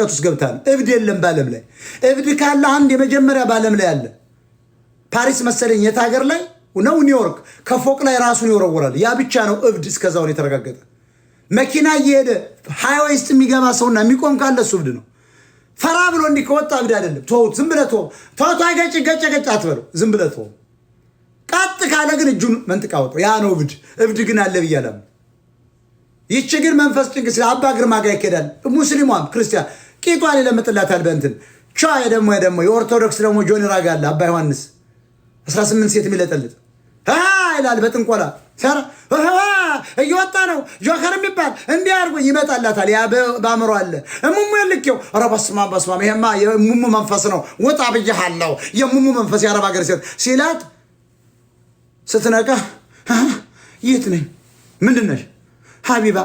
ቀት ውስጥ ገብታል። እብድ የለም በዓለም ላይ እብድ ካለ አንድ የመጀመሪያ በዓለም ላይ አለ። ፓሪስ መሰለኝ የት ሀገር ላይ ነው ኒውዮርክ፣ ከፎቅ ላይ ራሱን ይወረወራል። ያ ብቻ ነው እብድ እስከዛውን የተረጋገጠ። መኪና እየሄደ ሀይዌይ ውስጥ የሚገባ ሰውና የሚቆም ካለ እሱ እብድ ነው። ፈራ ብሎ እንዲህ ከወጣ እብድ አይደለም። ተውት፣ ዝም ብለህ ተወው። ተወቶ ገጭ ገጭ ገጭ አትበለው፣ ዝም ብለህ ተወው። ቀጥ ካለ ግን እጁን መንጥቃ ወጣው፣ ያ ነው እብድ። እብድ ግን አለ ብያለሁ። ይቺ ግን መንፈስ ጭንቅ ስለ አባ ግርማ ጋር ይኬዳል። ሙስሊሟም ክርስቲያን ቂጧን ይለምጥላታል በእንትን ቻ ደግሞ ደግሞ የኦርቶዶክስ ደግሞ ጆኒ ራጋ አለ አባ ዮሐንስ 18 ሴት የሚለጠልጥ ይላል በጥንቆላ ሰራ እየወጣ ነው ጆከር የሚባል እንዲህ አድርጎ ይመጣላታል። ያ በአእምሮ አለ እሙሙ የልኬው ኧረ በስመ አብ በስመ አብ ይሄማ የሙሙ መንፈስ ነው ውጣ ብያሃለሁ። የሙሙ መንፈስ የአረብ ሀገር ሴት ሲላት ስትነቃ የት ነኝ ምንድን ነሽ ሀቢባ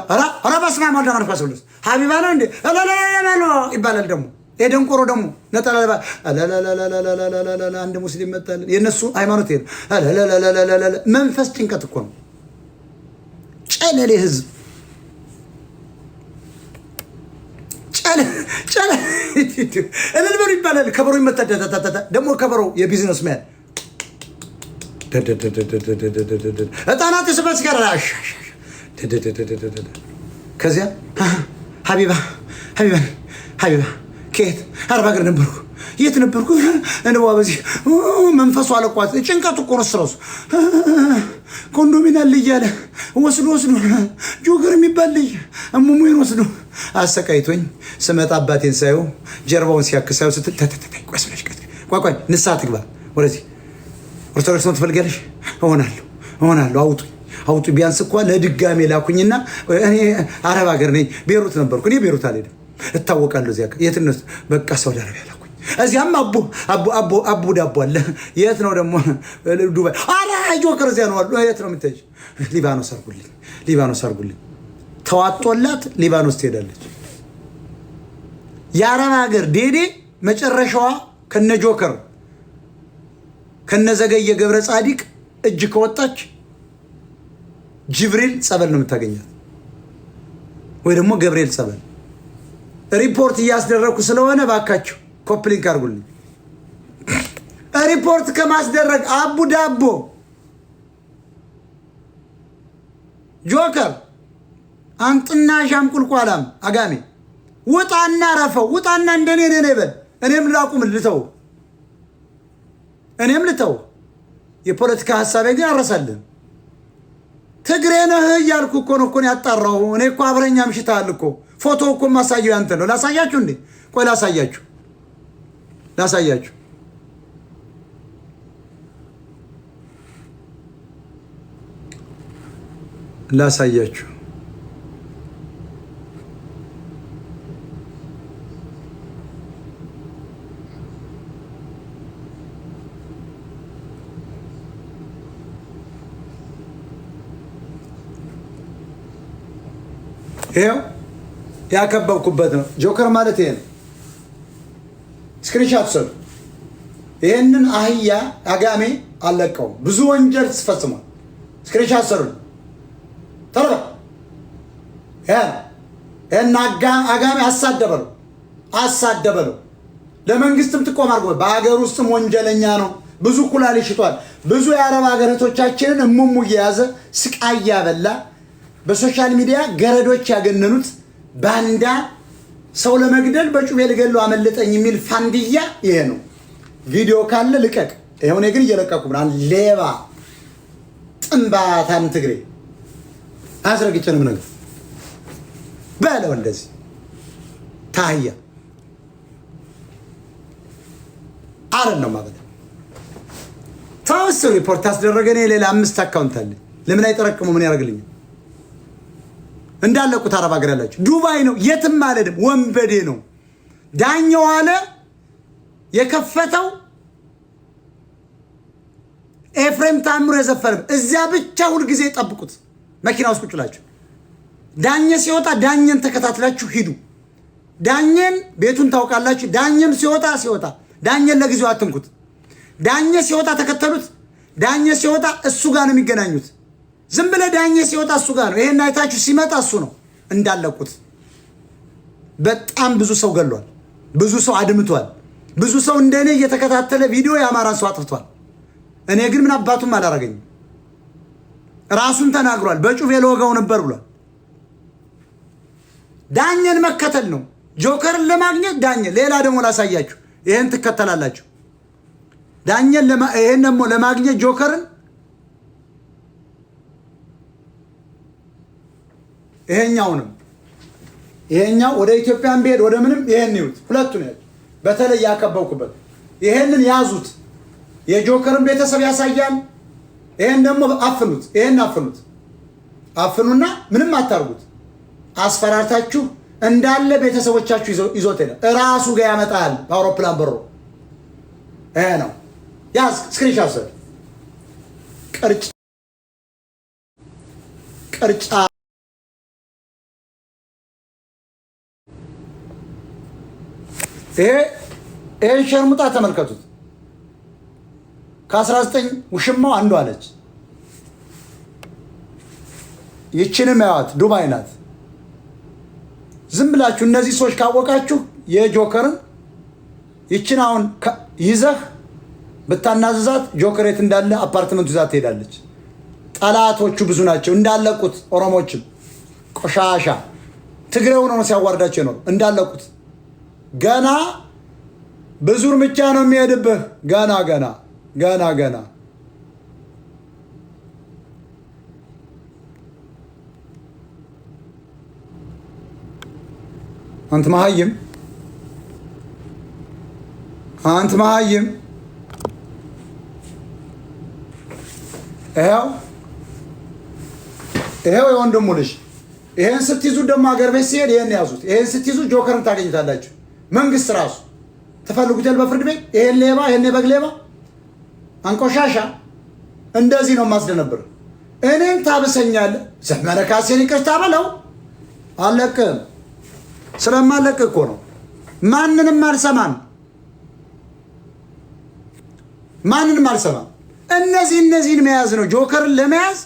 ኧረ በስመ አብ ወልድ ወመንፈስ ቅዱስ ሀቢባ ነው እንዴ ይባላል። ደግሞ የደንቆሮ ደግሞ አንድ ሙስሊም መጣልን። የእነሱ ሃይማኖት መንፈስ ጭንቀት እኮ ነው። ጨለሌ ህዝብ እልል በሉ ይባላል። ከበሮ ይመታል። ደግሞ ከበሮ የቢዝነስ ሜን ህጣናት የስበት ከዚያ ሀቢባ ሀቢባን ሀቢባ ከየት አረብ ሀገር ነበርኩ የት ነበርኩ? እንዋ በዚህ መንፈሱ አለቋት። ጭንቀቱ እኮ ነው እራሱ ኮንዶሚን አለ እያለ ወስዶ ወስዶ ጆገር የሚባል ልጅ እሙሙን ወስዶ አሰቃይቶኝ ስመጣ አባቴን ሳየው ጀርባውን ሲያክሳየው ቋቋኝ ንስሓ ትግባ ወደዚህ ኦርቶዶክስ ነው ትፈልጋለሽ? እሆናለሁ እሆናለሁ አውጡኝ አውጡ። ቢያንስ እኳ ለድጋሜ ላኩኝና እኔ አረብ ሀገር ነኝ፣ ቤሩት ነበርኩ። እኔ ቤሩት አልሄድም፣ እታወቃለሁ። እዚያ የትነት በቃ ሳውዲ አረቢያ ላኩኝ። እዚያም አቡ አቡ አቡ ዳቦ አለ። የት ነው ደግሞ? ዱባይ። አረ ጆከር እዚያ ነው አሉ። የት ነው የምታይ? ሊባኖስ አርጉልኝ፣ ሊባኖስ አርጉልኝ። ተዋጦላት ሊባኖስ ትሄዳለች። የአረብ ሀገር ዴዴ መጨረሻዋ ከነ ጆከር ከነዘገየ ገብረ ጻዲቅ እጅ ከወጣች ጅብሪል ጸበል ነው የምታገኛት፣ ወይ ደግሞ ገብርኤል ጸበል። ሪፖርት እያስደረግኩ ስለሆነ ባካችሁ ኮፕሊንክ አድርጉልኝ። ሪፖርት ከማስደረግ አቡ ዳቦ ጆከር አንጥና ሻምቁልቋላም አጋሜ ውጣና ረፈው ውጣና እንደኔ እኔ ነኝ በል። እኔም ላቁም ልተው እኔም ልተው የፖለቲካ ሀሳቤ ግን አረሳልን ትግሬ ነህ እያልኩ እኮ ነው እኮ ያጣራው። እኔ እኮ አብረኛ ምሽታል እኮ ፎቶ እኮ ማሳየው ያንተ ነው። ላሳያችሁ እንዴ? ቆይ ላሳያችሁ፣ ላሳያችሁ ላሳያችሁ ይኸው ያከበብኩበት ነው። ጆከር ማለት ይሄ ነው። ስክሪንሻት ሰዱ። ይህንን አህያ አጋሜ አልለቀውም። ብዙ ወንጀል ስፈጽሟል። ስክሪንሻት ሰዱ። ተረ ይህን አጋሜ አሳደበ ነው ለመንግስትም ጥቆም አድርጎ በሀገር ውስጥም ወንጀለኛ ነው። ብዙ ኩላሊት ሽጧል። ብዙ የአረብ ሀገር እህቶቻችንን እሙሙ እየያዘ ስቃይ እያበላ በሶሻል ሚዲያ ገረዶች ያገነኑት ባንዳ ሰው ለመግደል በጩቤ ልገሉ አመለጠኝ የሚል ፋንድያ ይሄ ነው። ቪዲዮ ካለ ልቀቅ። ይኸው እኔ ግን እየለቀቁ ምናምን ሌባ ጥንባታም ትግሬ አስረግጬንም ነገር በለው እንደዚህ ታህያ አረን ነው ማለት ታውስ ሪፖርት አስደረገ። እኔ ሌላ አምስት አካውንት አለ። ለምን አይጠረቅሙ? ምን ያደርግልኛል? እንዳለቁት አረብ ሀገር ያላችሁ ዱባይ ነው። የትም አልሄድም ወንበዴ ነው። ዳኛው አለ የከፈተው ኤፍሬም ታምሮ የዘፈንም እዚያ ብቻ ሁልጊዜ ጠብቁት። መኪና ውስጥ ዳኘ ሲወጣ ዳኘን ተከታትላችሁ ሂዱ። ዳኘን ቤቱን ታውቃላችሁ። ዳኘም ሲወጣ ሲወጣ ዳኘን ለጊዜው አትንኩት። ዳኘ ሲወጣ ተከተሉት። ዳኘ ሲወጣ እሱ ጋር ነው የሚገናኙት። ዝም ብለህ ዳኘ ሲወጣ እሱ ጋር ነው። ይሄን አይታችሁ ሲመጣ እሱ ነው እንዳለቁት። በጣም ብዙ ሰው ገሏል፣ ብዙ ሰው አድምቷል፣ ብዙ ሰው እንደኔ እየተከታተለ ቪዲዮ የአማራን ሰው አጥፍቷል። እኔ ግን ምን አባቱም አላረገኝም። ራሱን ተናግሯል። በጩቤ ለወጋው ነበር ብሏል። ዳኘን መከተል ነው ጆከርን ለማግኘት ዳኘ። ሌላ ደግሞ ላሳያችሁ፣ ይሄን ትከተላላችሁ። ዳኘን ይሄን ደግሞ ለማግኘት ጆከርን ይሄኛውንም ይሄኛው ወደ ኢትዮጵያን ብሄድ ወደ ምንም ይሄን ይዩት። ሁለቱን ያዙ። በተለይ ያከበብኩበት ይሄንን ያዙት። የጆከርን ቤተሰብ ያሳያል። ይሄን ደግሞ አፍኑት። ይሄን አፍኑት፣ አፍኑና ምንም አታርጉት። አስፈራርታችሁ እንዳለ ቤተሰቦቻችሁ ይዞት ሄደ። እራሱ ጋር ያመጣል በአውሮፕላን በሮ። ይሄ ነው ያ ስክሪንሻት ቅርጫ ይሄ ይሄን ሸርሙጣ ተመልከቱት። ከ19 ውሽማው አንዱ አለች። ይችንም ያዋት ዱባይ ናት። ዝም ብላችሁ እነዚህ ሰዎች ካወቃችሁ የጆከርን ይችን አሁን ይዘህ ብታናዝዛት ጆከር የት እንዳለ አፓርትመንቱ ይዛ ትሄዳለች። ጠላቶቹ ብዙ ናቸው እንዳለቁት። ኦሮሞችም ቆሻሻ ትግሬውን ሆኖ ሲያዋርዳቸው ይኖሩ እንዳለቁት ገና ብዙ እርምጃ ነው የሚሄድብህ። ገና ገና ገና ገና አንት መሀይም አንት መሀይም ይኸው ይኸው የወንድሙ ልጅ ይሄን ስትይዙ ደግሞ ሀገር ቤት ሲሄድ ይሄን ያዙት። ይሄን ስትይዙ ጆከርን ታገኝታላችሁ። መንግስት ራሱ ትፈልጉታል በፍርድ ቤት ይሄን ሌባ ይሄን የበግ ሌባ አንቆሻሻ እንደዚህ ነው የማስደነብር። እኔን ታብሰኛለህ። ዘመነ ካሴን ይቅርታ በለው አለቅህም። ስለማለቅ እኮ ነው። ማንንም አልሰማን፣ ማንንም አልሰማን። እነዚህ እነዚህን መያዝ ነው ጆከርን ለመያዝ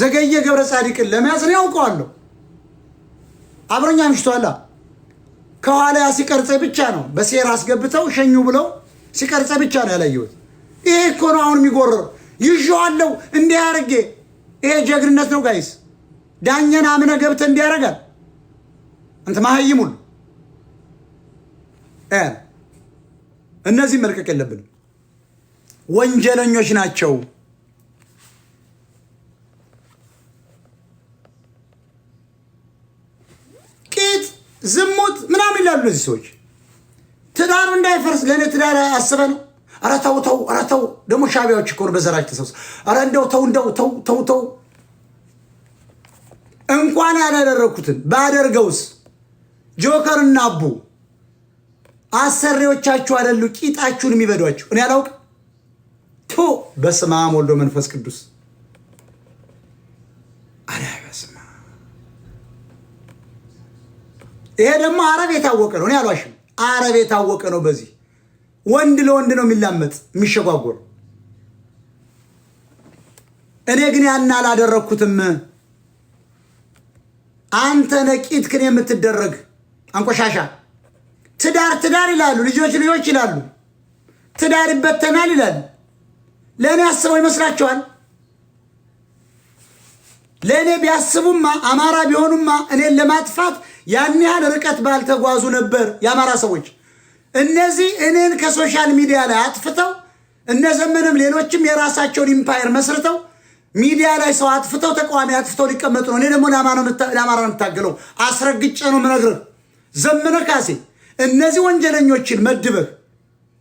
ዘገየ ገብረ ጻዲቅን ለመያዝ ነው። ያውቀዋለሁ። አብረኛ ምሽቷላ ከኋላ ሲቀርጸ ብቻ ነው በሴራ አስገብተው ሸኙ ብለው ሲቀርጸ ብቻ ነው ያላየሁት። ይሄ እኮ ነው አሁን የሚጎረር ይዤዋለሁ እንዲህ አድርጌ። ይሄ ጀግንነት ነው ጋይስ። ዳኛን ገብተ ገብተህ እንዲያደርጋል እንት ማሀይሙል እነዚህ መልቀቅ የለብንም ወንጀለኞች ናቸው። ቂጥ፣ ዝሙት ይላሉ እነዚህ ሰዎች። ትዳሩ እንዳይፈርስ ለእኔ ትዳር አስበ ነው። ኧረ ተው ተው፣ ኧረ ተው። ደግሞ ሻቢያዎች እኮ ነው በዘራች ተሰብስ። ኧረ እንደው ተው፣ እንደው ተው፣ ተው፣ ተው። እንኳን ያላደረግኩትን ባደርገውስ? ጆከርና አቡ አሰሪዎቻችሁ አይደሉ ቂጣችሁን የሚበዷችሁ? እኔ አላውቅ ቶ በስመ አብ ወልዶ መንፈስ ቅዱስ ይሄ ደግሞ አረብ የታወቀ ነው። እኔ አልዋሽም። አረብ የታወቀ ነው። በዚህ ወንድ ለወንድ ነው የሚላመጥ የሚሸጓጎር። እኔ ግን ያን አላደረግኩትም። አንተ ነቂት ግን የምትደረግ አንቆሻሻ። ትዳር ትዳር ይላሉ፣ ልጆች ልጆች ይላሉ፣ ትዳር ይበተናል ይላሉ። ለእኔ አስበው ይመስላችኋል? ለእኔ ቢያስቡማ አማራ ቢሆኑማ እኔን ለማጥፋት ያን ያህል ርቀት ባልተጓዙ ነበር የአማራ ሰዎች። እነዚህ እኔን ከሶሻል ሚዲያ ላይ አጥፍተው እነ ዘመንም ሌሎችም የራሳቸውን ኢምፓየር መስርተው ሚዲያ ላይ ሰው አጥፍተው ተቃዋሚ አጥፍተው ሊቀመጡ ነው። እኔ ደግሞ ለአማራ ነው የምታገለው፣ አስረግጬ ነው የምነግርህ። ዘመነ ካሴ እነዚህ ወንጀለኞችን መድበህ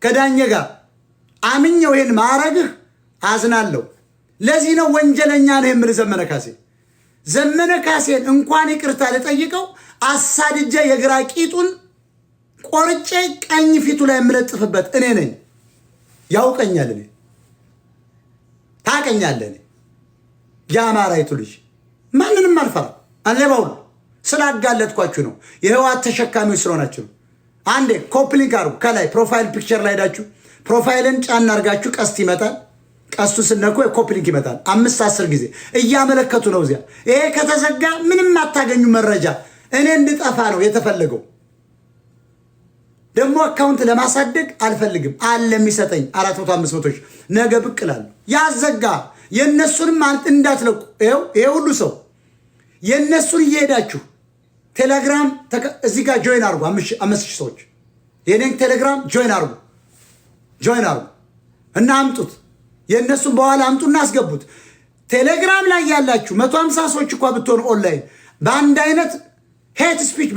ከዳኘ ጋር አምኜው ይህን ማረግህ አዝናለሁ። ለዚህ ነው ወንጀለኛ ነህ የምልህ ዘመነ ካሴ። ዘመነ ካሴን እንኳን ይቅርታ ልጠይቀው አሳድጃ የግራ ቂጡን ቆርጬ ቀኝ ፊቱ ላይ የምለጥፍበት እኔ ነኝ። ያውቀኛል፣ እኔ ታቀኛለ። እኔ የአማራይቱ ልጅ ማንንም አልፈራ አለባውሉ ስላጋለጥኳችሁ ነው። የህወሓት ተሸካሚዎች ስለሆናችሁ ነው። አንዴ ኮፕሊንግ አርጉ። ከላይ ፕሮፋይል ፒክቸር ላይ ሄዳችሁ ፕሮፋይልን ጫና አርጋችሁ ቀስት ይመጣል። ቀስቱ ስነኩ ኮፕሊንክ ይመጣል። አምስት አስር ጊዜ እያመለከቱ ነው። እዚያ ይሄ ከተዘጋ ምንም አታገኙ መረጃ። እኔ እንድጠፋ ነው የተፈለገው። ደግሞ አካውንት ለማሳደግ አልፈልግም አለ የሚሰጠኝ አራት መቶ አምስት መቶ ነገ ብቅ እላለሁ። ያዘጋ የእነሱንም እንዳትለቁ። ይሄ ሁሉ ሰው የእነሱን እየሄዳችሁ ቴሌግራም እዚህ ጋር ጆይን አርጉ። አምስት ሺህ ሰዎች የኔን ቴሌግራም ጆይን አርጉ ጆይን አርጉ እና አምጡት የእነሱን በኋላ አምጡና አስገቡት። ቴሌግራም ላይ ያላችሁ መቶ ሃምሳ ሰዎች እኳ ብትሆኑ ኦንላይን በአንድ አይነት ሄት ስፒች